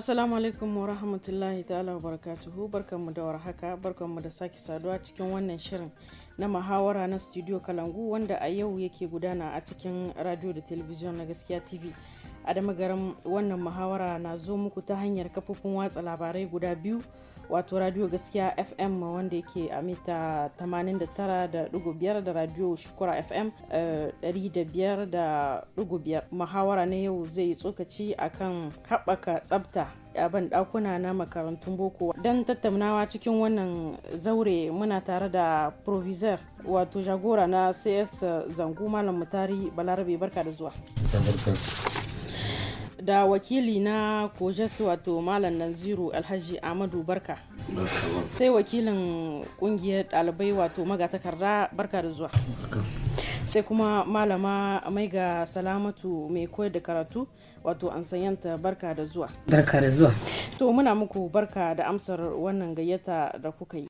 Assalamu alaikum wa rahmatullahi ta'ala wa barakatuhu barkanmu da warhaka barkanmu da sake saduwa cikin wannan shirin na muhawara na studio Kalangu wanda a yau yake gudana a cikin radio da television na gaskiya TV. A da wannan muhawara na zo muku ta hanyar kafofin watsa labarai guda biyu wato radio gaskiya fm wanda yake a mita 89.5 da radio shukura fm 105.5 eh, muhawara na yau zai tsokaci akan haɓaka tsabta a ban ɗakuna na makarantun boko don tattaunawa cikin wannan zaure muna tare da provisor wato jagora na cs zango malam mutari balarabe barka da zuwa da wakili na kojes wato malam naziru alhaji Ahmadu barka sai wakilin kungiyar dalibai wato magatakarda barka da zuwa sai kuma malama mai ga salamatu mai koyar da karatu wato an sanyanta barka da zuwa barka da zuwa to muna muku barka da amsar wannan gayyata da kuka yi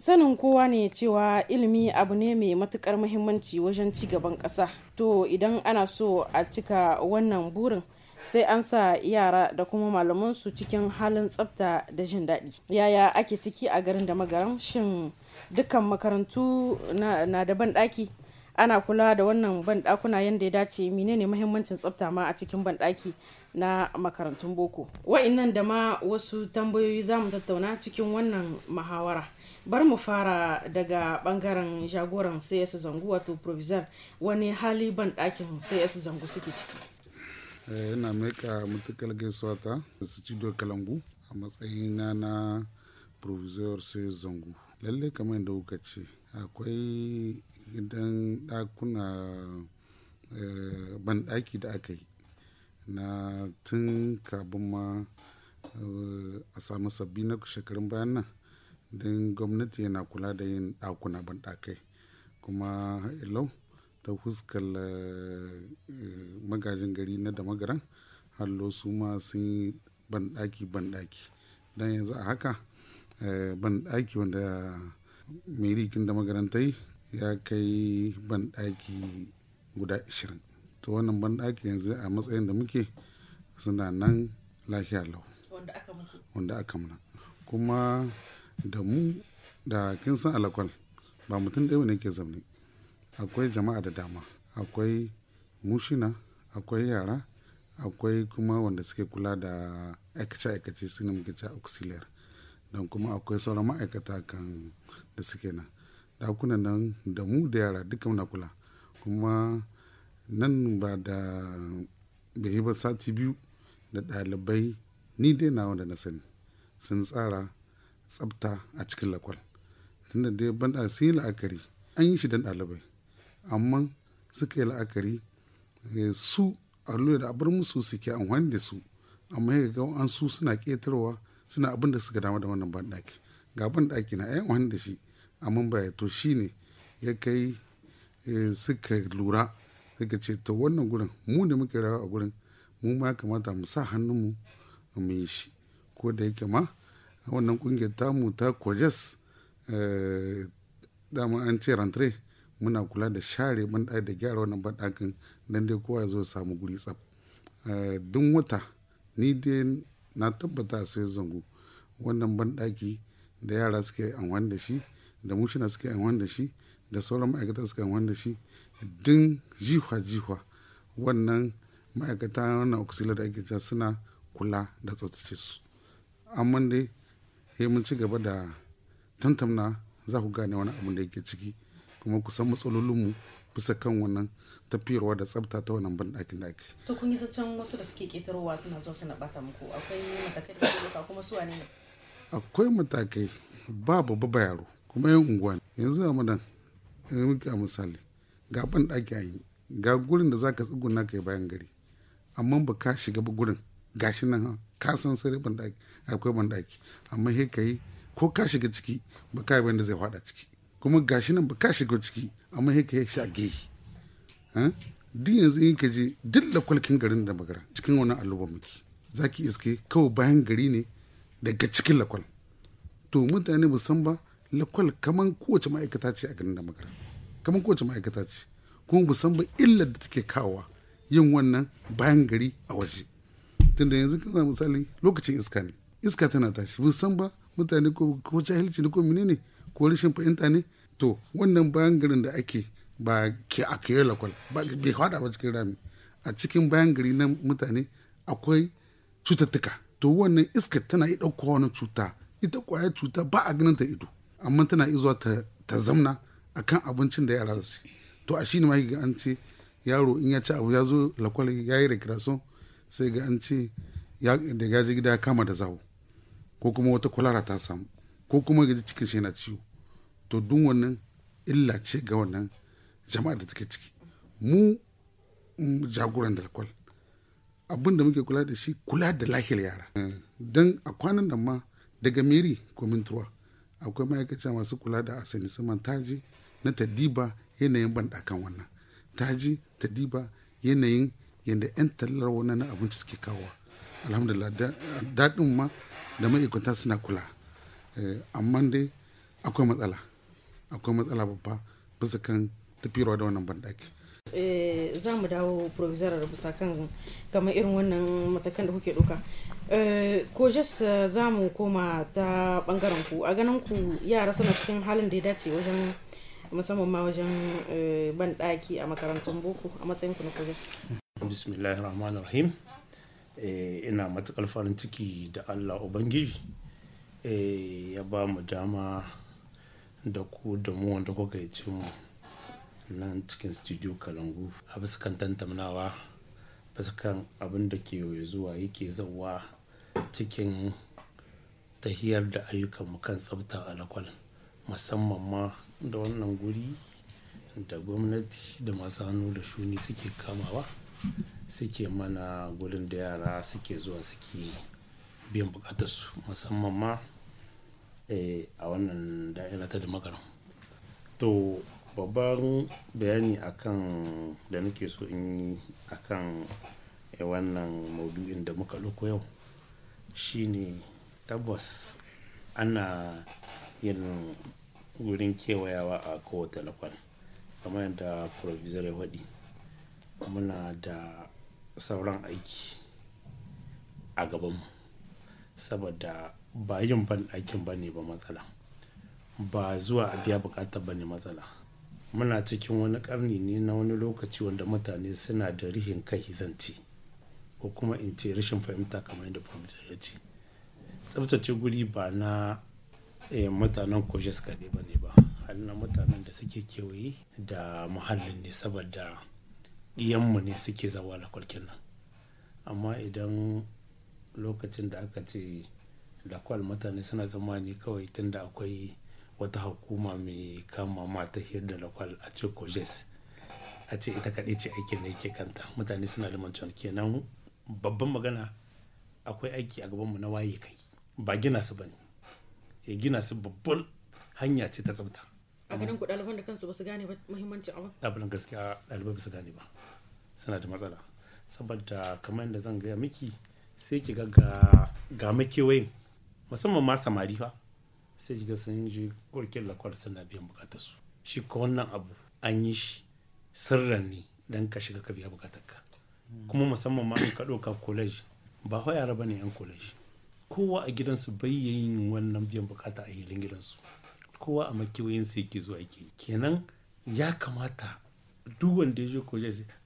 sanin kowa ne cewa ilimi abu ne mai matukar muhimmanci wajen ci gaban kasa to idan ana so a cika wannan burin sai an sa yara da kuma malaman su cikin halin tsafta da jin daɗi yaya ake ciki a garin da magaran shin dukkan makarantu na da ban ɗaki ana kula da wannan ban ɗakuna yadda ya dace menene muhimmancin tsafta ma a cikin ban ɗaki na makarantun boko wa'innan da ma wasu tambayoyi za mu tattauna cikin wannan muhawara bar mu fara daga bangaren jagoran cs zangu wato provisor wani hali ban ɗakin cs zangu suke ciki yana eh, mai ka matukar gaisuwa ta studio kalangu a matsayin na na provisor cs zangu lalle kamar yadda kuka ce akwai gidan ɗakuna eh, ban ɗaki da aka yi na tun kabin ma eh, a samu sabbi na shekarun bayan nan don gwamnati yana kula da yin ɗakuna banɗakai kuma ilau ta fuskar eh, magajin gari na da magaran hallo su ma sun yi banɗaki banɗaki don yanzu a haka eh, banɗaki wanda mai rikin da magaran ta yi ya kai banɗaki guda 20 to wannan banɗaki yanzu a matsayin da muke suna nan lafiya lau wanda aka muna kuma da mu da kin san alakwal ba mutum ɗaya ne ke zaune akwai jama'a da dama akwai mushina akwai yara akwai kuma wanda suke kula da aikace-aikace su ne muke auxiliar don kuma akwai sauran ma'aikata kan da suke nan kuna nan da mu da yara duka muna kula kuma nan ba da bai yi ba sati biyu da ɗalibai ni dai na wanda na sani sun tsara tsabta a cikin lakwal tunda dai banda sun yi la'akari an yi shi don ɗalibai amma suka yi la'akari eh, su lura da abar musu suke amfani da su amma ya ga an su suna ƙetarwa suna abin da suka dama da wannan banɗaki ga banɗaki na ayyan wani da shi amma ba to shi ne ya kai eh, suka lura suka ce to wannan gurin mu ne muke rawa a gurin mu ma ya kamata mu sa hannunmu mu yi shi ko da yake ma wannan kungiyar tamu ta kojes eh, dama an ce rantre muna kula da share banɗaki da gyara wannan banɗakin don dai kowa ya zo samu guri tsaf eh, duk wata ni dai na tabbata a sai zango wannan banɗaki da yara suke amfani da shi da mushina suke amfani da shi da sauran ma'aikata suke amfani da shi din jihwa-jihwa wannan ma'aikata wannan auxiliary da ake suna kula da tsabtace su amma dai sai mun ci gaba da tantamna za ku gane wani abin da yake ciki kuma ku san matsalolinmu bisa kan wannan tafiyarwa da tsafta ta wannan banɗakin da ake. To kun yi zaton wasu da suke ƙetarowa suna zuwa suna bata muku akwai matakai da suke kuma su wane ne? Akwai matakai ba babba ba yaro kuma yin unguwa ne yanzu a madan yanzu muke a misali ga banɗaki a yi ga gurin da za ka tsuguna yi bayan gari amma ba ka shiga ba gurin gashi nan ka san sai daki, akwai daki, amma he kai ko ka shiga ciki ba ka da zai fada ciki kuma gashi nan ba ka shiga ciki amma he kai shage duk yanzu in ka je duk da kwalkin garin da magana cikin wani alubar muke za ki iske kawai bayan gari ne daga cikin lakwal to mutane ba san ba lakwal kaman kowace ma'aikata ce a garin da magana kaman kowace ma'aikata ce kuma ba san ba illar da take kawa yin wannan bayan gari a waje tunda yanzu kan za misali lokacin iska ne iska tana tashi ba san ba mutane ko ko jahilci ne ko menene ko rashin fahimta ne to wannan bayan garin da ake ba ke a kai lakwal ba bai hada ba cikin rami a cikin bayan gari na mutane akwai cututtuka to wannan iska tana iya ɗauka wani cuta ita kwaya cuta ba a ganin ta ido amma tana iya zuwa ta, ta zamna akan abincin da yara su to a shi ne ma an ce yaro in ya ci abu ya zo lakwal ya yi recreation sai ga an ce da gaji gida kama da zawo ko kuma wata kwalara ta samu ko kuma gaji cikin shi na ciwo to duk wannan illa ce ga wannan jama'a da take ciki mu mm, jagoran da dalkwal abin da muke kula da shi kula da lahiyar yara don a kwanan nan ma daga meri komin turwa akwai ma'aikata masu kula da asali saman taji na tadiba yanayin dakan wannan taji tadiba yanayin yadda 'yan tallar na abinci suke kawo alhamdulillah daɗin ma da ma'aikata suna kula eh, amma dai akwai matsala akwai matsala babba bisa kan tafiyarwa da wannan banɗaki eh, za mu dawo da bisa kan gama irin wannan matakan da kuke ɗauka eh, ko jas za mu koma ta ɓangaren ku a ganin ku yara suna cikin halin da ya dace wajen musamman ma wajen banɗaki a makarantun boko a matsayin ku na kojas bismillahir rahmanir rahim eh, ina matukar farin ciki da allah ubangiji eh, ya ba mu dama da ku da mu wanda kuka yi ce mu nan cikin studio kalangu a bisa kan tantamnawa bisa kan abin da ke zuwa yake zawa cikin tahiyar da ayyukan mu kan tsabta alakwal musamman ma da wannan guri da gwamnati da masu hannu da shuni suke kamawa suke mana gurin da yara suke zuwa suke biyan bukatarsu musamman ma eh, a wannan da'ira ta da to babban bayani akan da nake so in yi akan eh, wannan maudu'in da muka loko yau shine tabbas ana yin gurin kewayawa a kowace lakwal kamar yadda provisor ya waɗi muna da sauran aiki a gabanmu saboda ba yin ban aikin ba ne ba matsala ba zuwa a biya bukatar ba ne matsala muna cikin wani karni ne na wani lokaci wanda mutane suna da rihin kai zance ko kuma in ce rashin fahimta kamar yadda fahimta ya ce tsabtace guri ba na eh, mutanen kojes kaɗai ba ne ba hannun mutanen da suke kewaye da muhallin ne saboda ɗiyanmu ne suke zawa kwalkin nan amma idan lokacin da aka ce lakwal mutane suna zama ne kawai tun da akwai wata hukuma mai kama mata da lakwal a ce kojes a ce ita kaɗai ce aikin ne yake kanta mutane suna limancin kenan babban magana akwai aiki a gabanmu na waye kai ba gina su ba ne ya gina su babban hanya ce ta tsabta a ganin ku ɗaliban da kansu ba su gane ba muhimmancin abin abin gaskiya ɗalibai ba su gane ba suna da matsala saboda kamar yadda zan gaya miki sai ki ga ga makewayin musamman ma samari fa sai ki ga sun ji kurkin lakwar suna biyan bukatar shi ko wannan abu an yi shi sirran ne dan ka shiga ka biya bukatar ka kuma musamman ma in ka ɗauka college ba fa yara ne yan college kowa a gidansu bai yin wannan biyan bukata a hilin gidansu kowa a makiyoyin sai yake zuwa yake kenan ya kamata duk wanda ya je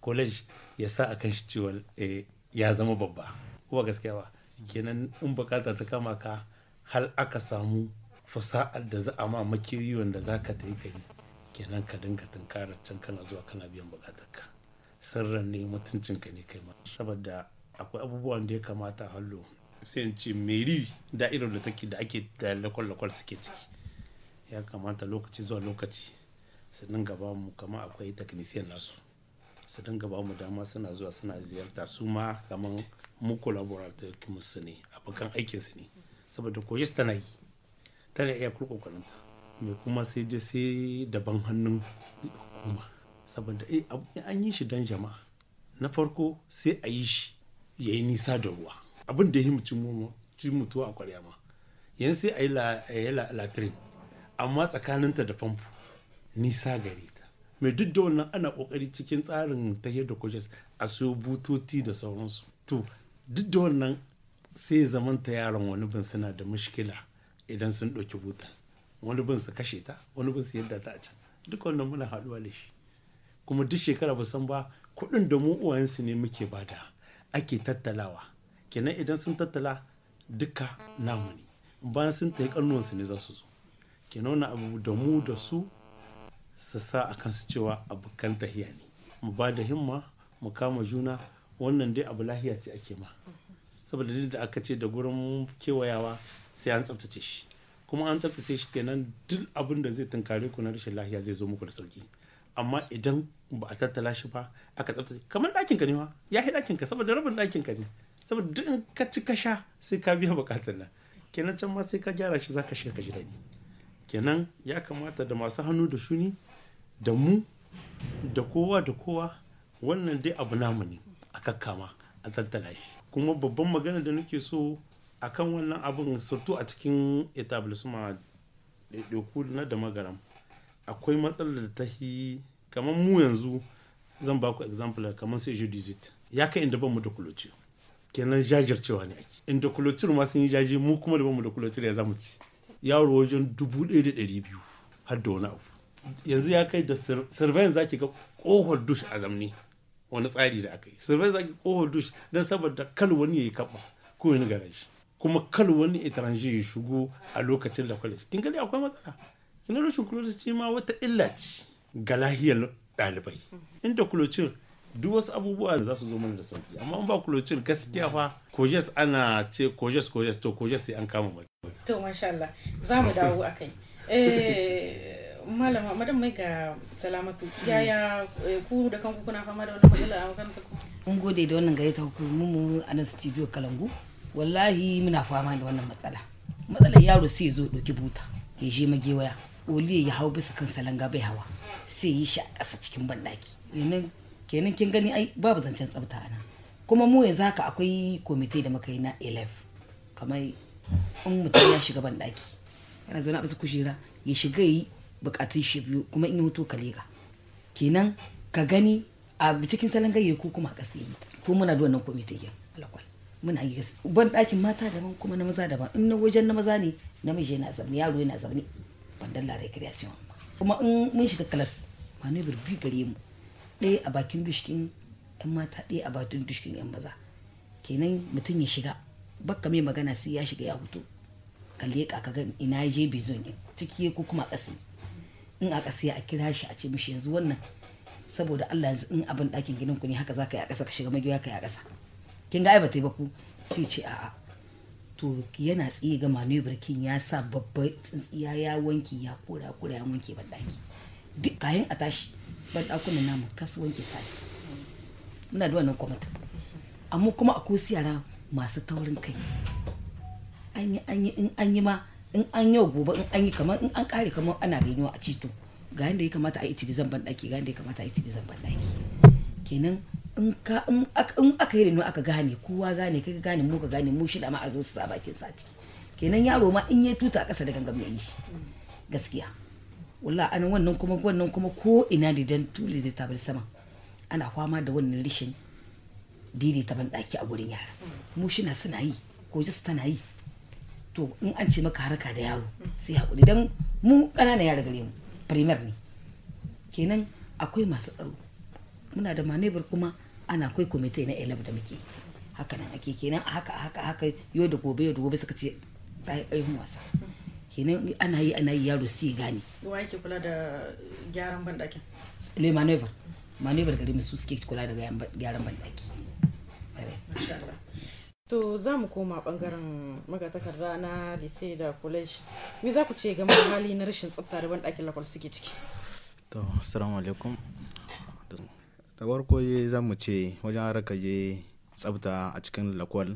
college ya sa a kan shi cewa eh, ya zama babba Kuma gaskiya ba kenan in bukata ta kama ka hal aka samu fasa'ar da za a ma makiyoyi wanda za ka ta yi kai kenan ka dinga tunkarar can kana zuwa kana biyan bukatar ka sirran ne mutuncin ka ne kai ma saboda akwai abubuwan da ya kamata hallo sai in ce meri da irin da take da ake da lakwal-lakwal suke ciki ya kamata lokaci zuwa lokaci su dinga ba mu kamar akwai technician nasu su dinga ba mu dama suna zuwa suna ziyarta su ma kamar mu collaborator su ne abokan aikin su ne saboda koyis tana yi tana iya kurkokarinta me kuma sai dai sai daban hannun hukuma saboda eh, an yi shi dan jama'a na farko sai a yi shi ya yi nisa da ruwa abin da ya yi mutum mutuwa a kwarya ma yanzu sai a yi latrine amma tsakaninta da famfo nisa gare ta mai duk da wannan ana kokari cikin tsarin ta da coaches a siyo butoti da sauransu to duk da wannan sai zamanta yaron wani bin suna da mushkila idan sun ɗauki butan wani bin su kashe ta wani bin su yadda ta a can duk wannan muna haɗuwa da shi kuma duk shekara ba san ba kuɗin da mu uwayensu ne muke bada ake tattalawa kenan idan sun tattala duka namuni ne bayan sun yi ƙannuwansu ne za su zo ke nuna abu da mu da su su sa a kansu cewa abu kan tahiya ne mu ba da himma mu kama juna wannan dai abu lahiya ce ake ma saboda da aka ce da gurin kewayawa sai an tsabtace shi kuma an tsabtace shi kenan duk abin da zai tunkare ku na rashin lahiya zai zo muku da sauki amma idan ba a tattala shi ba aka tsabtace kamar ɗakin ka ne ma ya hi ɗakin ka saboda rabin ɗakin ka ne saboda duk in ka ci ka sha sai ka biya bukatar nan kenan can ma sai ka gyara shi zaka shiga ka ji daɗi kenan ya kamata da masu hannu da shuni da mu da kowa da kowa wannan dai abu namu ne a kakkama a tattala shi kuma babban magana da nake so a kan wannan abin surtu a cikin etablisma ɗaiɗaiku na da magaram akwai matsalar da ta yi kamar mu yanzu zan ba ku example kamar sai judizit ya kai inda mu da kuloci kenan jajircewa ne ake inda kulotir ma sun yi jaji mu kuma da mu da kulotir ya zamu ci yaro wajen dubu ɗaya da ɗari biyu har da wani abu yanzu ya kai da surveyan za ki ga ƙohon dush a zamne wani tsari da aka yi surveyan za ki ƙohon dush don saboda kal wani ya yi kaɓa ko wani garaji kuma kal wani etranje ya shigo a lokacin da kwalaci kin gani akwai matsala kin rashin kulocin ma wata illa ce ga lahiyar ɗalibai inda kulocin duk wasu abubuwa za su zo mana da sauki amma an ba kulocin gaskiya fa kojes ana ce kojes kojes to kojes sai an kama mai to masha Allah za mu dawo akai eh, malama madan mai ga salamatu yaya eh, ku da kanku kuna fama da wani matsala a makarantar ku mun gode da wannan gaita ku mu a nan studio kalangu wallahi muna fama da wannan matsala matsalar yaro sai ya zo ɗauki buta ya je magewaya oliyo ya hau bisa kan salanga bai hawa sai ya shi a ƙasa cikin banɗaki yanzu kenan kin gani ai babu zancen tsafta ana kuma mu ya zaka akwai komite da muka yi na 11 kamar in mutum ya shiga ban daki yana zaune a bisa kujera ya shiga yi bukatun shi biyu kuma in hoto ka lega kenan ka gani a cikin salon gayye ko kuma a ƙasa yi ko muna da wannan komite yin alakwal muna yi ban dakin mata daban kuma na maza daban in na wajen na maza ne namiji yana zaune yaro yana zaune ban dalla recreation kuma in mun shiga kalas manubir bi gare mu ɗaya a bakin bishkin 'yan mata ɗaya a bakin bishkin 'yan maza kenan mutum ya shiga bakka mai magana sai ya shiga ya fito ka leƙa ka gan ina je bizon ɗin ciki ko kuma a ƙasa in a ƙasa a kira shi a ce mishi yanzu wannan saboda Allah yanzu in abin ɗakin gidan ku ne haka za ka yi a ƙasa ka shiga magiya ka yi a ƙasa kin ga ai ba ta yi ba ku sai ce a'a to yana tsiye ga manobir kin ya sa babban tsintsiya ya wanki ya kora kora ya wanke ban ɗaki duk kayan a tashi ban ɗakunan namu tas wanke sati muna da wannan kwamitin amma kuma akwai wasu yara masu taurin kai an yi an yi in an yi ma in an yau gobe in an yi kamar in an kare kamar ana renuwa a cito ga yadda ya kamata a yi cikin ban ɗaki ga yadda ya kamata a yi cikin ban ɗaki kenan in ka in aka yi renuwa aka gane kowa gane kai gane mu ka gane mu shi da ma a zo su sa bakin sati kenan yaro ma in ya tuta a ƙasa da gangan mai yi shi gaskiya walla an wannan kuma wannan kuma ko ina ne dan tuli zai tabar sama ana fama da wannan rishin ta ban daki a gurin yara mu shi na suna yi ko jisu tana yi to in an ce maka haraka da yaro sai hakuri dan mu kananan yara gare mu primer ne kenan akwai masu tsaro muna da manebar kuma ana akwai komite na elab da muke haka nan ake kenan haka haka haka yau da gobe yau da gobe suka ce ta yi wasa kenan ana yi ana yi yaro sai gane wa yake kula da gyaran bandaki le manoeuvre manoeuvre gare su suke kula da gyaran banɗaki to za mu koma bangaren magatakarda na lise da college me za ku ce game da hali na rashin tsafta da banɗakin lakwal suke ciki to assalamu alaikum da farko za mu ce wajen harkar tsafta a cikin lakwal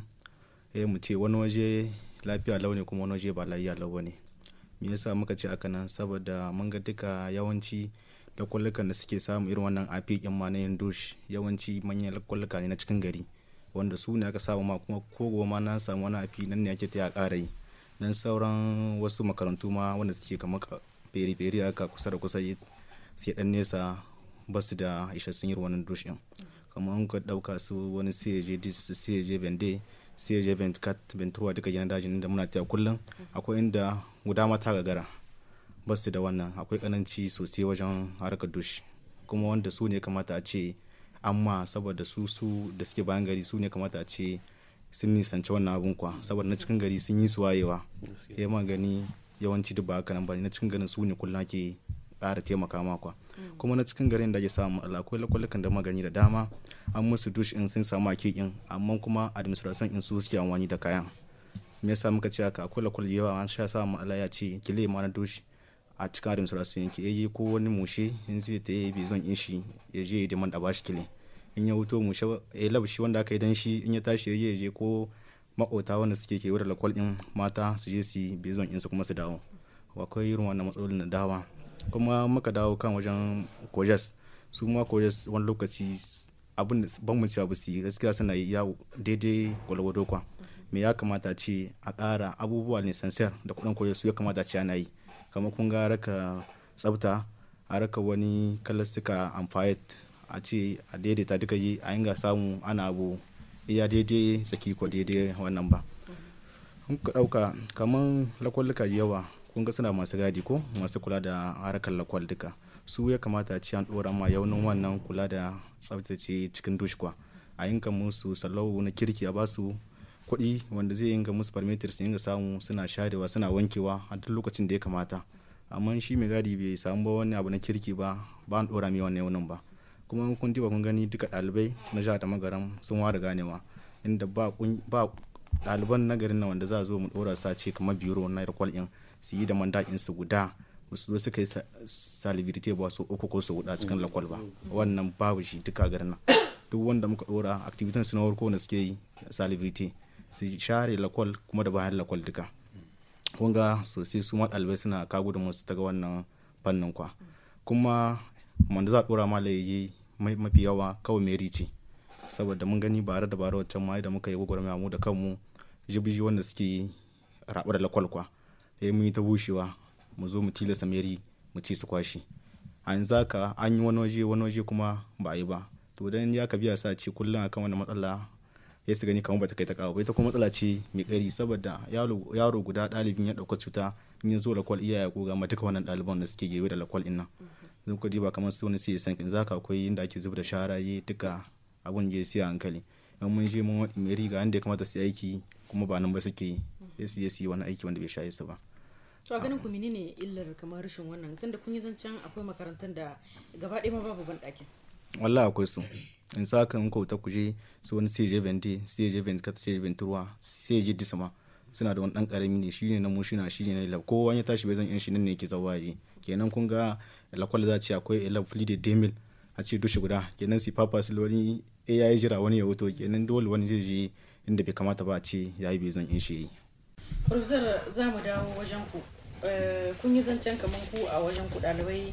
eh mu ce wani waje lafiya launi kuma wani waje ba lafiya lau ne Me yasa muka ce aka nan saboda mun ga duka yawanci lakwallukan da suke samu irin wannan afi yan ma na yin dush yawanci manyan lakwalluka ne na cikin gari wanda su ne aka samu ma kuma ko goma na samu wani afi nan ne ake ta ya yi dan sauran wasu makarantu ma wanda suke kamar feri-feri aka kusa da kusa sai dan nesa ba su da sun yi wannan dush din kamar an ka ɗauka su wani caj dis caj bende caj ventcat ventura duka yana dajin da muna ta kullum akwai inda mu dama ta gagara ba su da wannan akwai kananci sosai wajen harkar dushi kuma wanda su ne kamata a ce amma saboda su su da suke bayan gari su ne kamata a ce sun nisanci wannan abun kwa saboda na cikin gari sun yi su wayewa ya man gani yawanci duk ba haka nan bane na cikin garin su ne kullum ke ƙara taimaka makwa mm. kuma na cikin garin da ya samu matsala akwai lakwalakan da magani da dama an musu dush in sun samu hakikin amma kuma administration in su suke amfani da kayan me yasa muka ce haka akwai lakul yawa an sha sa Allah ya ce kile ma na doshi a cikin adam sura sun yanki yayi ko wani mushe in zai ta yi bizon in shi ya je da man da bashi kile in ya wuto mushe ya labshi wanda aka yi dan shi in ya tashi ya je ko makota wanda suke ke da lakwal din mata su je su bizon in su kuma su dawo akwai irin wannan matsalolin da dawa kuma muka dawo kan wajen kojas su ma kojas wani lokaci abin ban mu ci abu su yi gaskiya suna yi ya daidai gwalwado kwa me ya kamata ce a ƙara abubuwa ne da kuɗin koyo su ya kamata ce ana yi kamar kun ga raka tsafta a raka wani kalastika amfayet a ce a daidaita duka yi a ga samu ana abu iya daidai tsaki ko daidai wannan ba kun ka ɗauka kamar lakwallika yawa kun ga suna masu gadi ko masu kula da harkar lakwal su ya kamata ce an ɗora ma yaunin wannan kula da tsaftace cikin dushkwa a yinka musu salau na kirki a basu kuɗi wanda zai inga musu parameters su ga samu suna sharewa suna wankewa a duk lokacin da ya kamata amma shi mai gadi bai samu ba wani abu na kirki ba ba an ɗora mai wannan yaunin ba kuma kun ba kun gani duka ɗalibai na jihar da sun ware ganewa inda ba ɗaliban na garin nan wanda za a zo mu ɗora sa ce kamar biro na irkwal in su yi da mandakin su guda su zo suka yi salibirite ba su uku ko su guda cikin lakwal ba wannan babu shi duka garin nan duk wanda muka ɗora activities na warko suke yi salibirite su share lakwal kuma da bayan lakwal duka kunga sosai su ɗalibai suna kago da ta ga wannan fannin kwa kuma wanda za a ɗora malayi mafi yawa kawai mai ce saboda mun gani bare da bare wacce ma da muka yi gwagwarmaya mu da kanmu jibiji wanda suke raɓa da lakwal kwa sai mun yi ta bushewa mu zo mu tilasa meri mu ci su kwashi a yanzu haka an yi wani waje wani waje kuma ba yi ba to dan ya ka biya sa ce kullum akan wani matsala ya su gani kamar bata kai ta kawo ba ita kuma matsala ce mai ƙari saboda yaro guda ɗalibin ya ɗauka cuta in ya zo lakwal iyaye ko gama duka wannan ɗaliban da suke gewe da lakwal ɗin nan zan ku ba kamar su wani sai san in zaka akwai inda ake zubar da shara ya duka abun ya siya hankali yan mun je mun mai riga inda ya kamata su aiki kuma ba nan ba suke ya su ya wani aiki wanda bai shaye su ba. to a ganin ku menene illar kamar rashin wannan tunda kun yi zancen akwai makarantar da gaba ɗaya ma babu ban ɗakin. Allah akwai su in sa ka in kauta ku je su wani cj je cj sai ka cj kata CJ disma suna da wani dan karami ne shi ne na mu shi ne na kowa ya tashi bai zan yan shi nan ne yake zawaye kenan kun ga lakwal za ce akwai elab fili da demil a ce dushi guda kenan si papa su wani eh, ya yi jira wani ya wuto kenan dole wani zai je inda bai kamata ba a ce ya yi bai zan yan shi Professor za mu dawo wajen ku eh, kun yi zancen kaman ku a wajen ku ɗalibai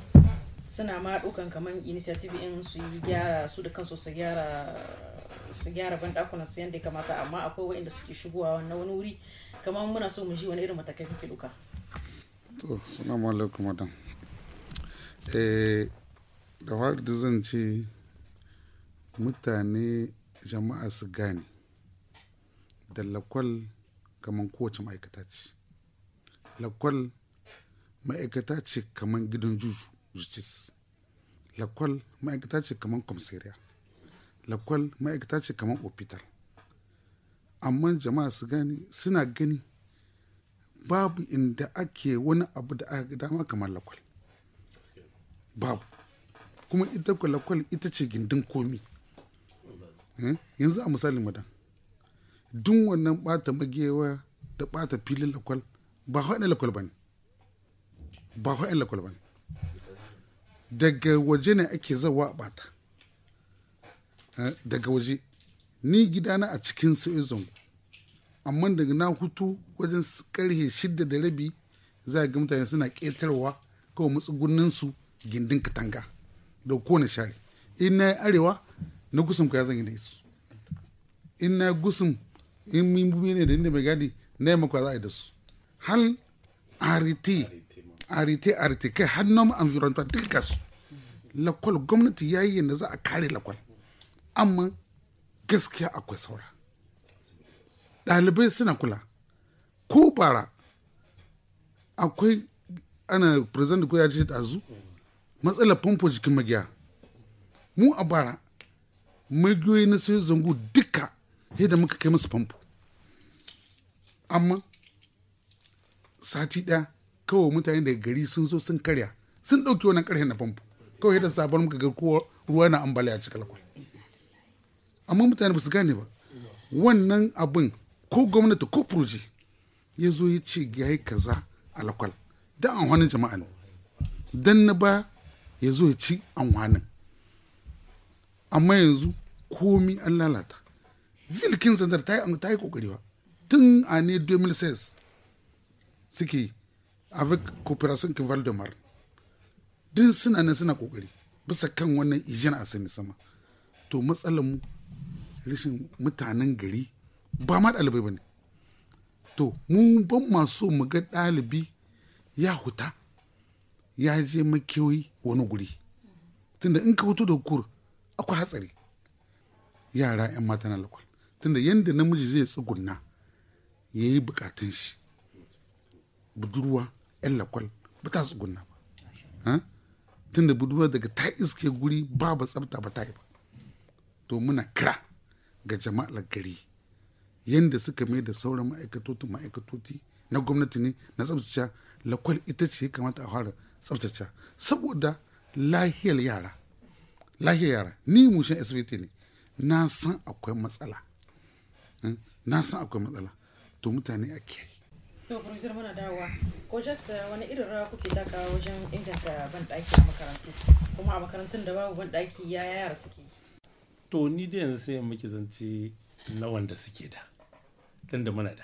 suna ma ɗaukan kamar initiative in su yi gyara su da kansu su gyara su gyara bandakunan su yadda kamata amma akwai waɗanda suke shigowa wannan wani wuri kamar muna so mu ji wani irin matakai kake ɗauka. to ma lokacin madam eh, da fari da zan ce mutane jama'a su gane da lakwal kamar kowace ma'aikata ce lakwal ma'aikata ce kamar gidan juju justice lakwal ma'aikata ce commissariat l'école ma ma'aikata ce kaman hôpital amma jama'a su gani suna gani babu inda ake wani abu da aka dama kamar lakwal babu kuma ita lakwal ita ce gindin komi eh, yanzu a misali madan duk wannan bata magewa da bata filin lakwal ba haɗin lakwal ba ne ba haɗin lakwal ba ne daga waje ne ake zawa bata daga waje ni gidana a cikin sai zango amma daga na hutu wajen karhe shidda da rabi za ga mutane suna ƙetarwa kawai su gindin katanga da kowane share in na arewa na gusum ka zan yi da su in na gusum in min ne da inda mai gadi na yi makwa za a yi da su hal arite arite arite kai hannun nom duka kasu lakwal gwamnati ya yi yadda za a kare lakwal amma gaskiya akwai saura ɗalibai suna kula ko bara akwai ana president da ya ce ɗazu matsalar famfo jikin magiya mu a bara magiyoyi na sai zango duka yadda muka kai musu famfo amma sati ɗaya kawai mutane daga gari sun zo sun karya sun ɗauki wannan ƙarhen na famfo kawai da sabon muka ga kowa ruwa na ambaliya cikin lakwal amma mutane ba su gane ba wannan abin ko gwamnati ko furuji ya zo ya ce ya yi kaza a lakwal an amfanin jama'a ne dan na ba ya zo ya ci an amfanin amma yanzu komi an lalata vilkin zandar ta yi kokari ba tun a ne 2006 suke avec coopération val de marne duk suna nan suna kokari bisa kan wannan ijin a sani sama to matsalar mu rashin mutanen gari ba ma ɗalibai ba ne to mu ban masu mu ga ɗalibi ya huta ya je makewayi wani guri tunda in ka fito da kur akwai hatsari yara 'yan mata na lakwal tunda yadda namiji zai tsugunna ya yi bukatun shi budurwa 'yan lakwal ba ta tsugunna ba da budurwar daga ta iske guri babu tsafta ba ta yi ba to muna kira ga jama'ar gari yadda suka mai da sauran ma'aikatoti ma'aikatoti na gwamnati ne na tsabtace lakwal ita ce kamata a fara tsabtace saboda lahiyar yara lahiyar yara ni mushin svt ne na san akwai matsala hmm, na san akwai matsala to mutane a kiyaye to bruiser muna dawowa ko eh, wani irin rawa kuke taka wajen inganta banɗaki a makarantu kuma a makarantun da babu banɗaki ya yara suke to ni da yanzu sai muke zance na wanda suke da tun da muna da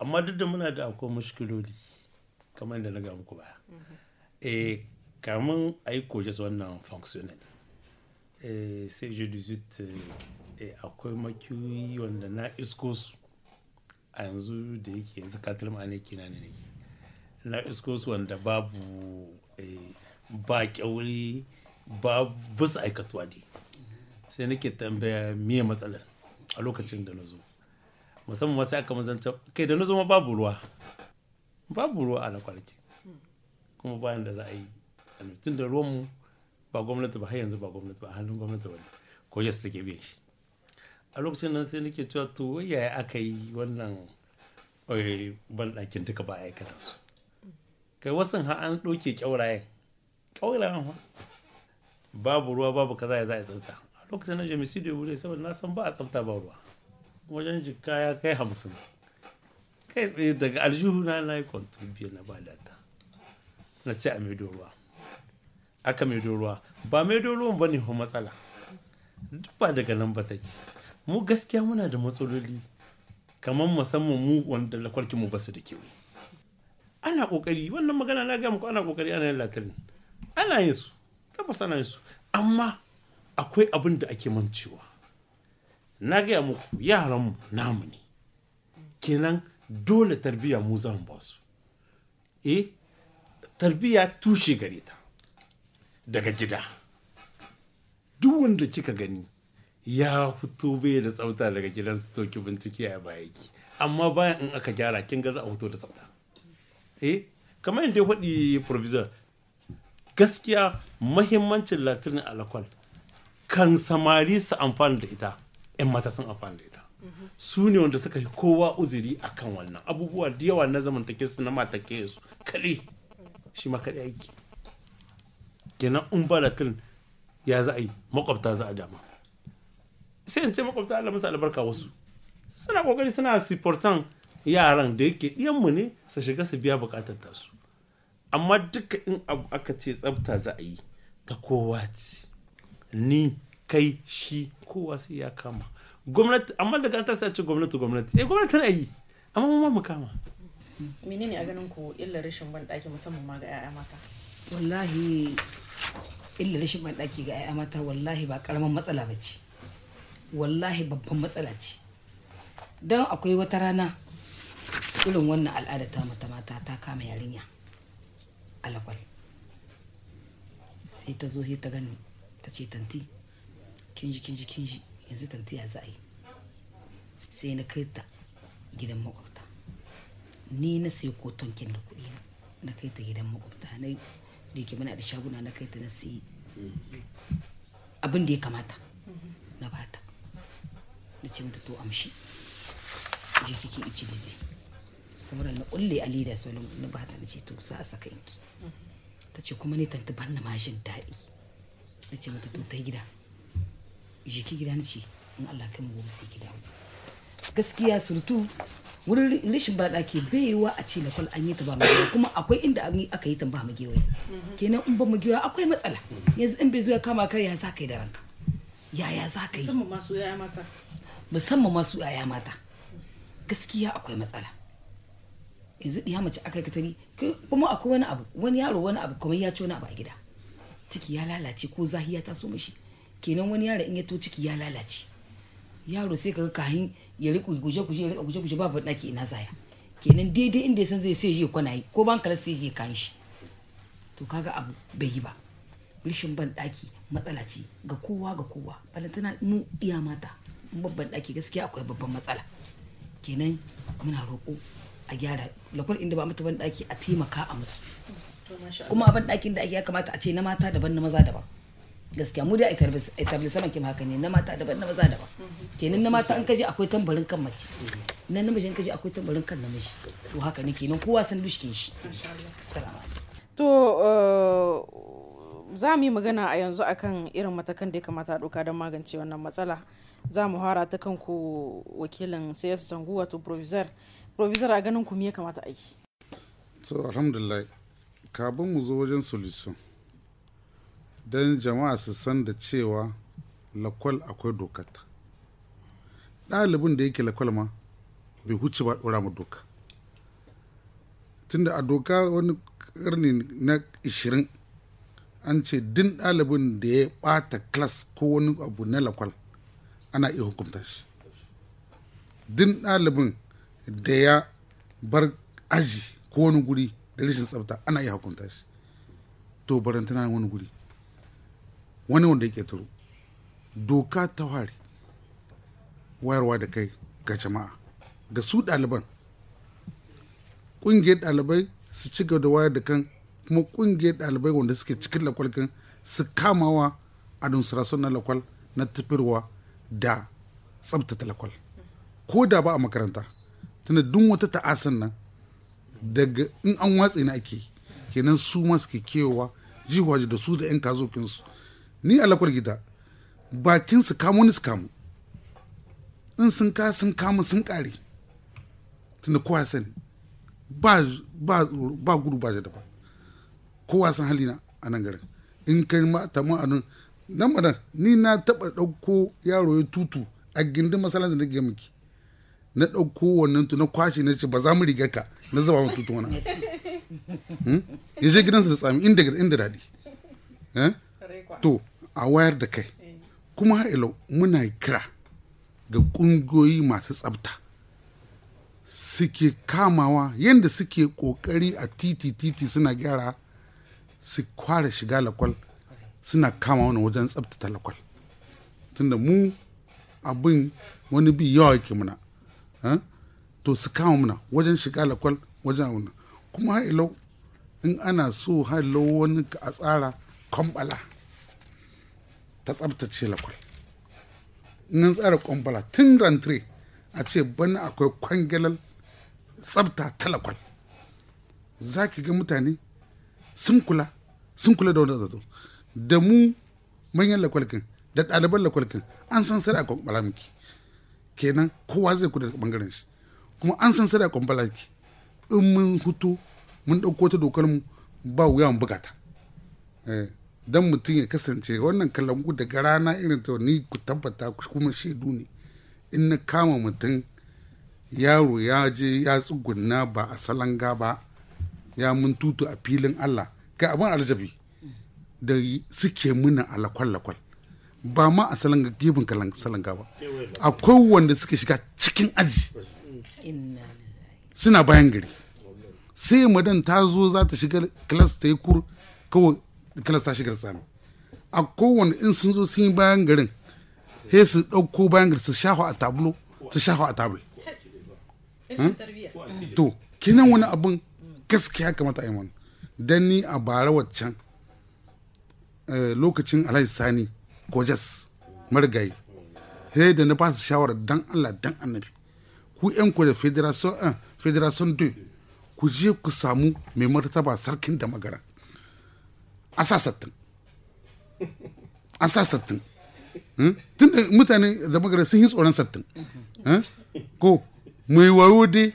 amma duk da muna da akwai mushkiloli kamar da na ga muku baya mm-hmm. eh kamun a yi kojes wannan functional eh, sai je 18 eh, akwai makiyoyi wanda na isko su a yanzu da yake yanzu ma'ana ke nan ne nake na isko su wanda babu eh, ba kyauri ba bisa aikatuwa dai sai nake tambaya miye matsalar a lokacin da na zo musamman wasu aka mazanta kai da na zo ma babu ruwa babu ruwa a na kuma bayan da za a yi tun da ruwanmu ba gwamnati ba har yanzu ba gwamnati ba hannun gwamnati ba ne ko yasta take biyan shi a lokacin nan sai nake cewa to yaya aka yi wannan banɗakin duka ba aikata su kai wasu ha an ɗauke ƙyaurayen ƙyaurayen ha babu ruwa babu kaza ya za a tsafta a lokacin nan jami'ai da wuri saboda na san ba a tsafta ba ruwa wajen jikka ya kai hamsin kai tsaye daga aljihu na na yi kwanto biyu na balata na ce a maido ruwa aka maido ruwa ba maido ruwan ba ne matsala duk ba daga nan ba take mu gaskiya muna da matsaloli kamar musamman mu wanda lakwarki mu basu da kyau ana kokari wannan magana na ga muku ana kokari ana yin latirin ana yin su tabbas ana yin su amma akwai abin da ake mancewa na gaya muku yaran mu namu ne kenan dole tarbiyya mu za ba su eh tarbiyya tushe gare ta daga gida duk wanda kika gani ya fito bai da tsafta daga gidan su toki bincike a aiki amma bayan in aka gyara kin ga za a fito da tsafta eh kamar yadda ya faɗi provisor gaskiya mahimmancin latinin alakwal kan samari su amfana da ita 'yan mata sun amfana da ita su ne wanda suka yi kowa uziri a kan wannan abubuwa da yawa na zamantake su na matake su kaɗai shi ma kaɗai aiki kenan in ba latin ya za a yi makwabta za a dama sai in ce makwabta Allah masa albarka wasu suna kokari suna supportan yaran da yake mu ne su shiga su biya bukatar tasu amma duka in abu aka ce tsafta za a yi ta kowa ce ni kai shi kowa sai ya kama gwamnati amma daga ta sai a ce gwamnati gwamnati eh gwamnati tana yi amma mu ma mu kama menene a ganin ku illar rashin ban daki musamman ma ga 'ya'ya mata wallahi illar rashin ban daki ga 'ya'ya mata wallahi ba karaman matsala bace. wallahi babban matsala ce don akwai wata rana irin wannan al'ada ta mata mata ta kama yarinya alakwal sai ta zo ta gani ta ce tanti kinji kinji kinji yanzu tanti ya za yi sai na kai ta gidan makwabta ni na sai koton kin da kuɗi na kai ta gidan makwabta na da yake muna da shaguna na kai ta na sai mm. abin da ya kamata na bata na ce mata to amshi je kike ici da zai saboda na kulle a leda sau na bata na ce to sa a saka inki ta ce kuma ni tantu ban na mashin daɗi na ce mata to ta gida je ki gida na ce in Allah kai mu gobe sai gida gaskiya surtu wurin rashin ba ɗaki baiwa a ce lakwal an yi ta ba magewa kuma akwai inda aka yi ta ba magewa kenan in ba magewa akwai matsala yanzu in bai zuwa kama kai ya za ka yi da ranka yaya za ka yi musamman masu yaya mata musamman masu yaya mata gaskiya akwai matsala yanzu ɗiya mace aka katari kuma akwai wani abu wani yaro wani abu kuma ya ci wani abu a gida ciki ya lalace ko zahi ya taso mashi kenan wani yaro in ya to ciki ya lalace yaro sai kaga kahin ya riƙo guje guje ya riƙa guje guje babu ɗaki ina zaya kenan daidai inda ya san zai sai kwana yi ko ban kala sai zai kayan shi to kaga abu bai yi ba rishin ban ɗaki matsala ce ga kowa ga kowa balantana mu iya mata babban ɗaki gaskiya akwai babban matsala kenan muna roƙo a gyara lokacin inda ba mutu ban ɗaki a taimaka a musu kuma ban ɗakin da ake ya kamata a ce na mata daban na maza daban gaskiya mu dai a tarbi saman kim haka ne na mata daban na maza daban mhm. kenan na mata an kaje akwai tambarin kan mace na namiji an kaje akwai tambarin kan namiji to haka ne kenan kowa san dushkin shi to eh, za mu yi magana a yanzu akan irin matakan da ya kamata a ɗauka don magance wannan matsala za mu hara ta kanku wakilin sayar sangu wato provisor provisor a ganin ku me ya kamata a yi to alhamdulillah kabin mu zo wajen solution don jama'a su san da cewa lakwal akwai dokata ɗalibin da yake lakwal ma bai huce ba ɗora ma doka tunda a doka wani ƙarni na 20 an ce din ɗalibin da ya ɓata klas ko wani abu na lakwal ana iya hukunta shi din ɗalibin da ya bar aji ko wani guri da rashin tsafta ana iya hukunta shi to barantana wani guri wani wanda ya turu doka ta ware wayarwa da kai ga jama'a ga su ɗaliban ƙungiyar ɗalibai su ci gaba da wayar da kan kuma ƙungiyar ɗalibai wanda suke cikin lakwalkin su kamawa a sarasun na lakwal na tafirwa da tsabtata lakwal ko da ba a makaranta tana duk wata ta'asan nan daga in an watse na ake kenan su ma suke kewa da su da 'yan kazokinsu ni a lakwal gida bakin su kamo ni su kamo in sun ka sun kama sun kare tana kowa sani ba gudu ba da ba kowa san halina a nan garin in kai ma ta ma nan ni na taɓa ɗauko yaro ya tutu a gindin masalan da nake miki na ɗauko wannan tu na kwashe na ce ba za mu riga ka na zaba mu tutu hmm? ya je gidansa da tsami inda inda daɗi eh? to a wayar da kai kuma ha'ilau muna kira ga ƙungiyoyi masu tsafta suke kamawa yadda suke ƙoƙari a titi titi suna gyara su kware shiga lakwal suna kama wani wajen tsabtata lakwal tunda mu abin wani bi yawa yake muna eh? to su kama muna wajen shiga lakwal wajen muna kuma hailau in ana so hailau wani a tsara kwambala ta tsabtace lakwal in an tsara kwambala tun rantre a ce bana akwai kwangalar tsabta ta lakwal za ki ga mutane sun kula sun kula da wanda zato da mu manyan lakwalkin da ɗaliban lakwalkin an san sara a kwamfala kenan kowa zai kudu da bangaren shi kuma an san sara a kwamfala in mun hutu mun ɗauko ta dokar mu ba wuya mu bugata eh, dan mutum ya kasance wannan kalangu daga rana irin ta ni ku tabbata kuma shaidu ne in na kama mutum yaro ya je ya tsugunna ba a salanga ba ya mun tutu a filin Allah ga abin aljabi da suke muna alakwal-lakwal ba ma a gefen salanga ba akwai wanda suke shiga cikin aji suna bayan gari sai madan ta zo za ta shiga klas ta yi kur kawai klas ta shiga tsami a kowane in sun zo sun yi bayan garin he su ɗauko bayan garin su shafa a tablo su shafa a tablo hmm? to kinan wani abin gaskiya kamata a yi wani don ni a bara waccan Eh, lokacin alhaji sani jas marigayi sai da na ba su shawara dan allah dan annabi ku yan ku da federation eh, federation 2 ku je ku samu mai martaba sarkin da magara a sa sattin a sa sattin hmm? tun da mutane da magara sun yi tsoron sattin hmm? ko mai wayo dai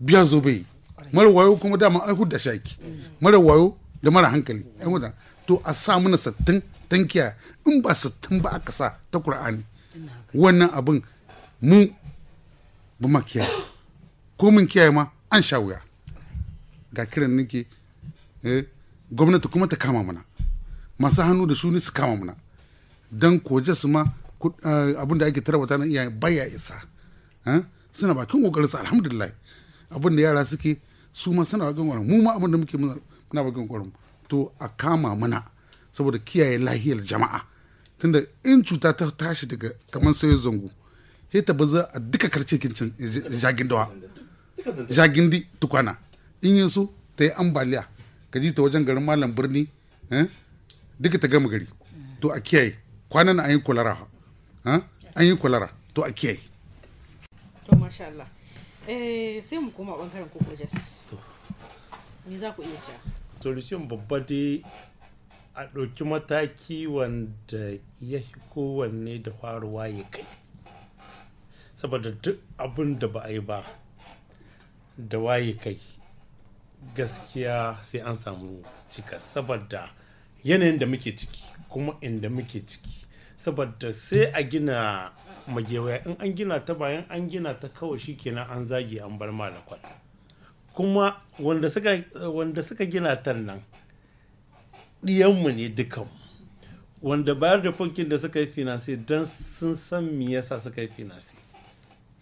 biya zo bai mara wayo kuma dama ai da shaki mara wayo da mara hankali ai mutane to a sa mana sattin tankiya in ba sattin ba aka sa ta Qur'ani wannan abin mu ba ma kiyaye ko mun kiyaye ma an sha wuya ga kiran nake eh, gwamnati kuma ta kama mana masu hannu da shuni su kama mana don koje su ma eh, abin da ake tarwata na iyaye baya isa eh, suna bakin kokarin su alhamdulillah abin da yara suke su ma suna bakin kokarin mu ma abin da muke muna bakin kokarin to a kama mana saboda kiyaye lahiyar jama'a tunda in cuta ta tashi daga kamar sai zango sai ta baza a duka karce kincin jagindawa jagindi tukwana in yin so ta yi ambaliya ka ji ta wajen garin malam birni eh, duka ta gama gari to a kiyaye kwanan an yi kwalara eh, an yi kwalara to a kiyaye to masha Allah eh, sai mu koma bangaren kokojas me za ku iya cewa solution babba dai a ɗauki mataki wanda ya fi kowanne da faruwa ya kai saboda duk abin da ba a yi ba da waye kai gaskiya sai an samu cika saboda yanayin da muke ciki kuma inda muke ciki saboda sai a gina magewaya in an gina ta bayan an gina ta kawai shi kenan an zage an bar malakon kuma wanda suka, wanda suka gina ta nan ɗiyanmu ne dukanmu wanda bayar da funkin da suka yi finance don sun san me yasa suka yi finance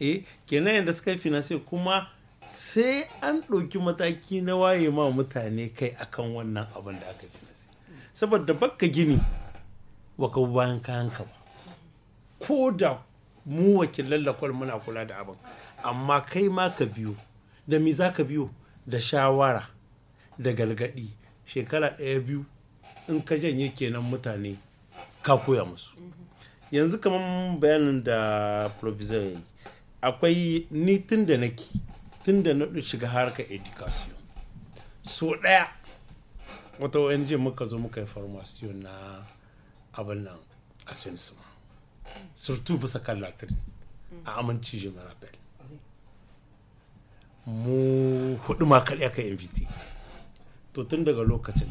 eh kenan yadda suka yi finance kuma sai an ɗauki mataki na waye ma mutane kai akan wannan abin da aka yi finance saboda bakka gini baka bayan kayan ba ko da mu wakilan lakwal muna kula da abin amma kai ma ka biyo da mi za ka biyo da shawara da gargaɗi shekara ɗaya biyu in ka janye kenan mutane ka koya musu mm-hmm. yanzu kamar bayanin da provisor ya yi akwai ni tun da nake tun da na shiga harkar education so ɗaya wata ONG muka zo muka yi formation na abin nan a mm. surtout bisa kan latin mm. a aminci jimarapel mu hudu ma kaɗai aka mvt to tun daga lokacin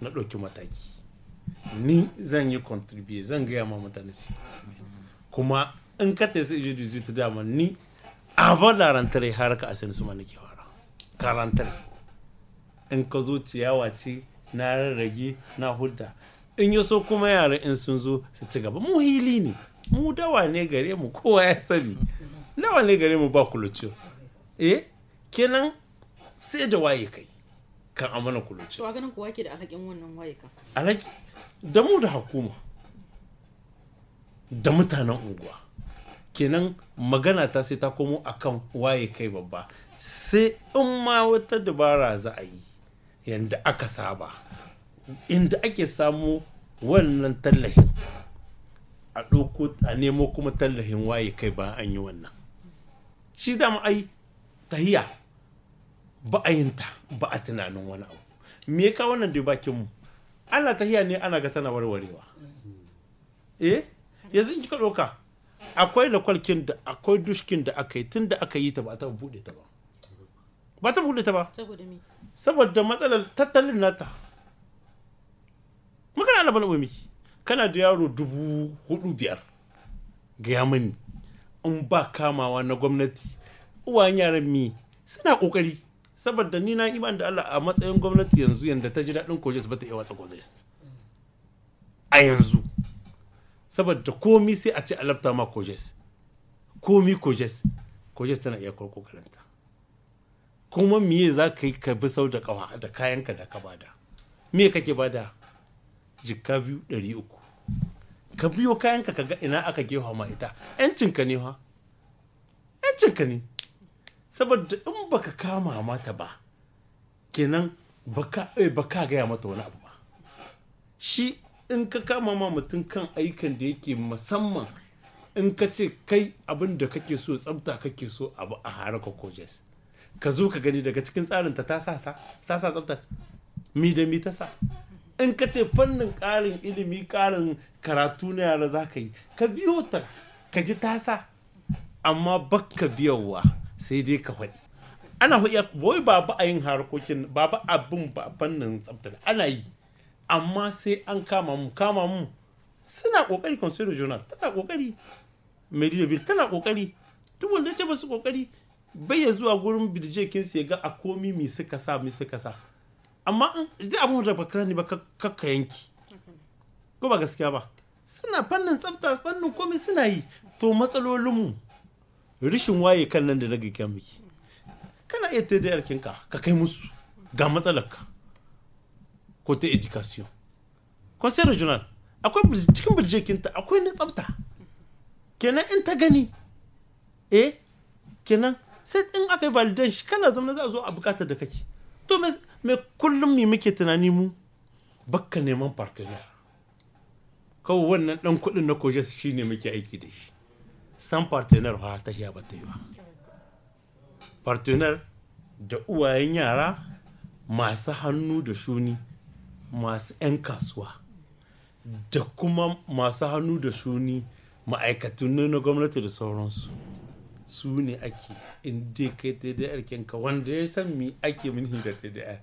na ɗauki mataki ni zan yi contribute zan gaya ma mutane su kuma in ka ta sai jeju zuwa dama ni avant la rentrée har ka asin su ma nake fara ka in ka zo ciyawa ce na rarrage na hudda in yi so kuma yara in sun zo su ci gaba mu hili ne mu dawa ne gare mu kowa ya sani nawa ne gare mu ba kulucin eh kenan sai da waye kai kan amana kulucin to ganin kuwa ke da alhakin wannan waye kan alhaki da mu da hukuma da mutanen unguwa kenan magana ta sai ta komo akan waye kai babba sai in ma wata dabara za a yi yadda aka saba inda ake samu wannan tallahin a ɗauko a nemo kuma tallahin waye kai ba an yi wannan shi dama ai tahiya ba a yin ta ba a tunanin wani abu me ya kawo wannan da bakin mu ana tahiya ne ana ga tana warwarewa eh yanzu in kika doka akwai lakwalkin da akwai dushkin da aka yi tun da aka yi ta ba ta bude ta ba ba ta bude ta ba saboda matsalar tattalin nata magana na bana miki kana da yaro dubu hudu biyar ga yamani. in ba kamawa na gwamnati uwayen yaran mi suna kokari saboda ni na iman da Allah a matsayin gwamnati yanzu yanda ta ji daɗin kojes ba ta iya watsa kojes a yanzu saboda komi sai a ce a lafta ma kojes komi kojes kojes tana iya kokarinta kuma miye za ka yi ka bi sau da kawa da kayanka da ka bada me kake bada jikka biyu ɗari uku ka biyo kayanka ka ga ina aka gefa ma ita ka ne ha ka ne saboda in baka kama mata ba kenan baka eh, gaya mata wani abu ba shi in ka kama ma mutum kan aikan da yake musamman in ka ce kai abin da kake so tsabta kake so abu a haraka kojes ka zo ka gani daga cikin tsarin ta sa ta sa tsabta mi da mi ta sa in ka ce fannin ƙarin ilimi ƙarin karatu na yara za ka yi ka biyo ta ka ji tasa amma bakka biyawa sai dai ka faɗi ana iya wai ba a yin harkokin ba abin ba fannin tsaftar ana yi amma sai an kama mu kama mu suna kokari conseil journal tana kokari medieval tana kokari duk wanda ce ba su kokari bai ya zuwa gurin bidje kinsu ya ga a komi mi suka sa mi suka sa amma duk abin da baka sani ba kakka yanki ko ba gaskiya ba suna fannin tsafta fannin komai suna yi to matsalolinmu rishin waye kan nan da rage kyan miki kana iya ta da ka ka kai musu ga matsalarka ko ta education ko sai regional akwai cikin birjekinta akwai na tsafta kenan in ta gani eh kenan sai in aka yi validation kana zama za a zo a bukatar da kake to mai me kullum me muke tunani mu bakka neman partner kawai wannan dan kudin na koje shi ne muke aiki da shi san partner ha ta hiya ba ta yi partner da uwayen yara masu hannu da shuni masu 'yan kasuwa da kuma masu hannu da shuni ma'aikatan na gwamnati da sauransu su ne ake in dai kai tdr kinka wanda ya san mi ake mini da tdr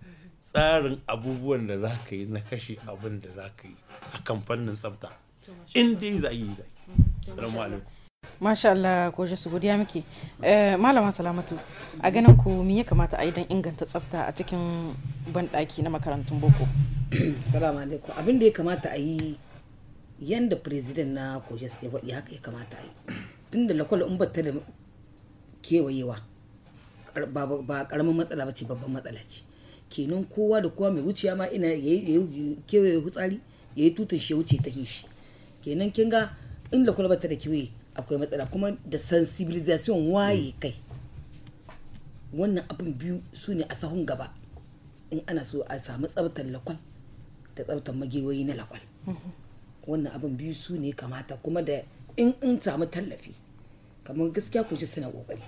tsarin abubuwan da za ka yi na kashe abin da za ka yi a kamfanin tsafta in dai za yi zai salamu alaikum Masha Allah ko su godiya muke. Eh, Malama Salamatu, a ganin ku mi ya kamata a yi don inganta tsafta a cikin banɗaki na makarantun boko? Salamu alaikum. Abin da ya kamata a yi yadda president na kojes ya haka ya kamata a yi. da lakwal in ba ta da kewayewa ba karamin matsala ba ce babban matsala ce kenan kowa da kowa mai wuciya ma ina kewaye hutsari ya yi tutun shi ya wuce ta shi kenan kin ga in da kula bata da kewaye akwai matsala kuma da sensibilization waye mm. kai wannan abin biyu su ne a sahun gaba in ana so a samu tsabtar lakwal da tsabtar magewayi na lakwal mm-hmm. wannan abin biyu su ne kamata kuma da in in samu tallafi kamar gaskiya kojas suna kokari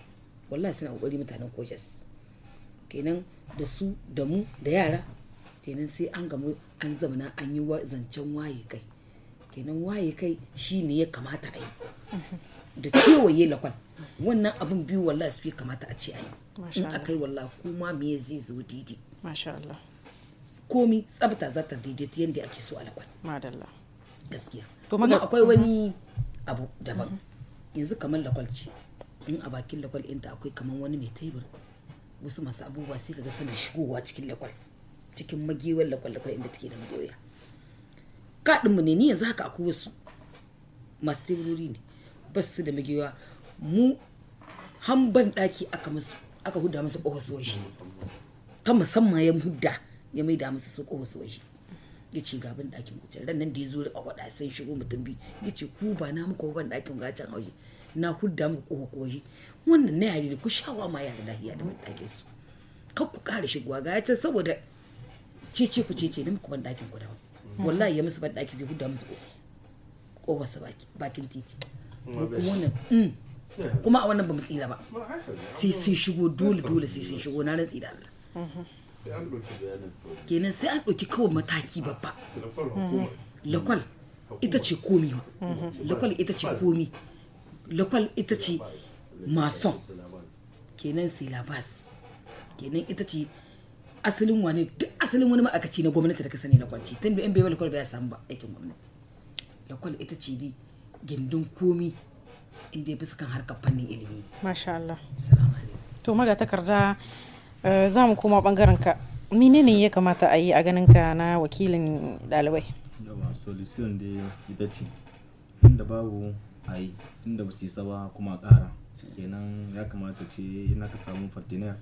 wallahi suna kokari mutanen kojas kenan da su da mu da yara kenan sai an gamu an zamana an yi zancen waye kai kenan waye kai shi ne ya kamata a yi da kewaye lakwal wannan abin biyu wallahi su kamata a ce a yi in aka yi wallahi kuma me zai zo daidai komi tsabta za ta daidaita yadda ake so a lakwal gaskiya kuma akwai wani abu daban mm-hmm. yanzu kamar lakwal ce in a bakin lakwal ɗinta akwai kamar wani mai tebur wasu masu abubuwa sai kaga suna shigowa cikin lakwal cikin magewar lakwal lakwal inda take da magoya kaɗinmu ne ni yanzu haka akwai wasu masu teburori ne ba su da magewa mu hamban ɗaki aka musu aka huda musu ƙofar su ta musamman ya huda ya maida musu su ƙofar su ya ce ga bin ɗakin ku ran nan da ya zo a waɗa sai shigo mutum bi ya ce ku ba na muku ban ɗakin ga can auji na hudda muku ko koyi wannan na yare ku shawa ma yare lahiya da ban ɗakin su kar ku ƙara shigowa ga ya can saboda cece ku cece na muku ban ɗakin ku da hmm. wallahi ya musu ban ɗaki zai hudda musu ƙofa sa bakin titi wannan mm. kuma a wannan ba mu tsira ba sai sun shigo dole dole sai sun shigo na rantsi da Allah mm-hmm. kenan sai an ɗauki kawai mataki babba lakwal ita ce komi lakwal ita ce komi lakwal ita ce mason kenan sai labas kenan ita ce asalin wani duk asalin wani ma'aka ce na gwamnati da kasane na kwanci tun bai bai lakwal ba ya samu ba aikin gwamnati lakwal ita ce di gindin komi inda ya fi sukan harkar fannin ilimi masha Allah to maga Eh, za mu koma bangaren ka menene ya kamata a yi a ganin ka na wakilin dalibai yawa solution da ita ce inda babu a yi inda ba su saba kuma a kenan ya kamata ce ina ka samu partner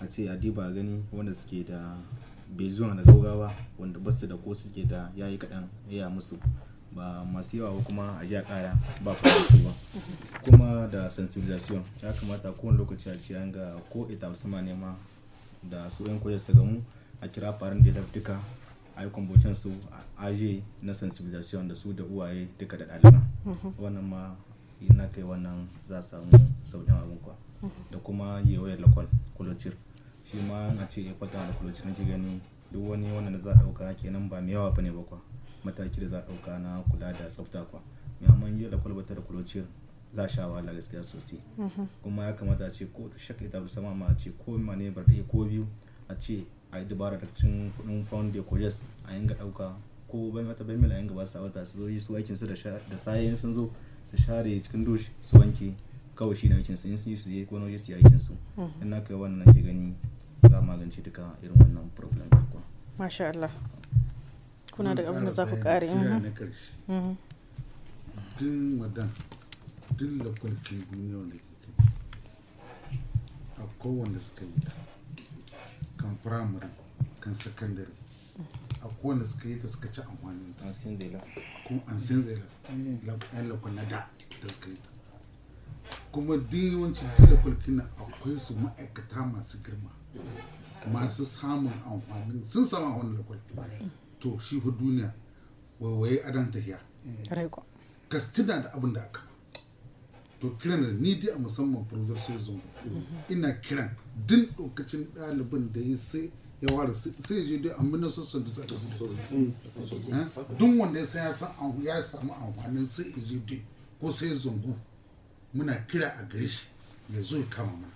a ce a diba gani wanda suke da bai zuwa da gaugawa wanda ba su da ko suke da yayi kaɗan ya musu ba masu yawa ba kuma a ji a ba ba su ba kuma da sensibilisation ya kamata kowane lokaci a ce an ga ko ita ma nema da su yan koyar su gamu a kira farin da duka a yi kwambocin su a aje na sensibilisation da su da uwaye duka da ɗaliban mhm. wannan ma na kai wannan za samu sauƙin abin kwa mhm. da kuma yewayar lakon kulocir shi ma na ce ya kwata da kulocir nake gani duk wani da za a ɗauka kenan ba mai yawa ba ne ba kwa mataki da za a ɗauka na kula da tsafta kwa mai amma yi da kwalbata da kulocir za sha wahala gaskiya sosai mm-hmm. kuma ya kamata a ce ko ta shakka ita musamman ma a ce ko ma ne bar ɗaya ko biyu a ce a yi dubara da cin kuɗin pound da kojas a yin ga ɗauka ko bai mata bai mila yin gaba su wata su zo yi su aikin su da sayan sun zo da share cikin dush su wanke kawai shi na aikin su in sun yi su yi ko nauyi su yi aikin su mm-hmm. in na kai wannan ke gani za a magance duka irin wannan problem da kuma. masha Allah kuna da abin da za ku ƙare. Mm-hmm. Tun wadan duk da duniya ke a kowanne suka yi ta kan firamare kan sakandare a kowanne suka yi ta suka ci amfanin ta kuma an san zai yan lakon na da da suka yi ta kuma diwanci yawancin duk da akwai su ma'aikata masu girma masu samun amfanin sun samu amfanin lakwal to shi fi duniya wawaye adan tahiya ka tuna da abin da aka to kiran da ni dai a musamman sai zongo ina kiran din lokacin ɗalibin da ya sai ya ware sai je dai a minna sassan da tsada su don wanda ya san ya samu amfanin sai ya je dai ko sai zongo muna kira a gare shi ya zo ya kama mana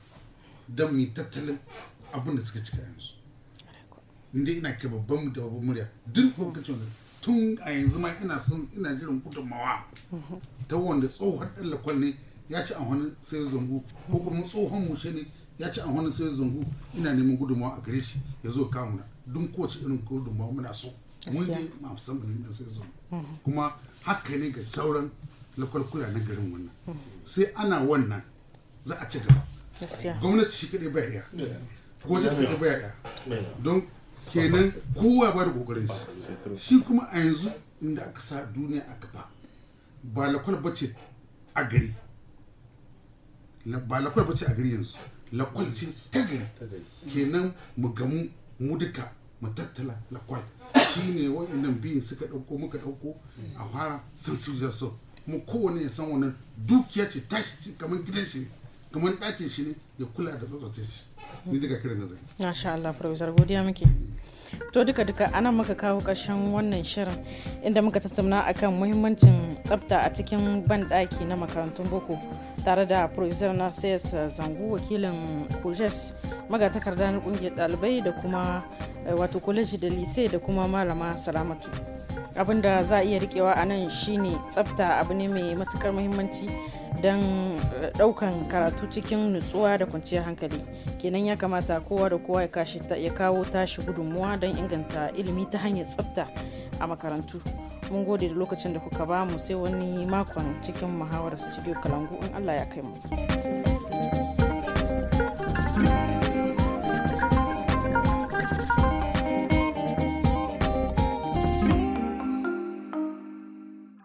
don mu tattalin abin da suka cika yanzu inda ina ke babban da babban murya duk lokacin da tun a yanzu ma ina son ina jiran gudunmawa ta wanda tsohon ɗan lakwal ne ya ci wani sayar zungu ko kuma tsohon mushe ne ya ci wani sayar zungu ina neman gudunmawa a gare shi ya zo kawo na don kowace irin gudunmawa muna so mun yi mafisar mun na sayar zungu mhm. kuma haka ne ga sauran lakwalkula na garin wannan mhm. sai ana wannan za a ci gaba gwamnati shi kaɗai bai iya ko shi sai bai iya don kenan kowa ba da kokarin shi shi kuma a yanzu inda aka sa duniya a ba ba lakwal bace a gari ba lakwal ba ce a gari yanzu lakwal ce ta gari kenan mu gamu mu duka mu tattala lakwal shi ne wa'annan biyun suka ɗauko muka ɗauko a fara san su so mu kowane ya san wannan dukiya ce tashi ce kamar gidan shi ne kamar ɗakin shi ne ya kula da tsatsautin shi ni daga kiran na zai masha Allah professor godiya muke to duka duka ana muka kawo ƙarshen wannan shirin inda muka tattauna akan muhimmancin tsafta a cikin banɗaki na makarantun boko tare da provisor narcis zangu wakilin kujes magatakarda na kungiyar dalibai da kuma eh, wato kwaleji da lise da kuma malama salamatu abin da za a iya rikewa a nan shine tsafta abu ne mai matukar muhimmanci don daukan karatu cikin nutsuwa da kwanciyar hankali kenan ya kamata kowa da kowa ya kawo tashi gudunmuwa don inganta ilimi ta hanyar tsafta a makarantu mun gode da lokacin da kuka bamu sai wani makon cikin muhawarar studio kalangu in allah ya kai mu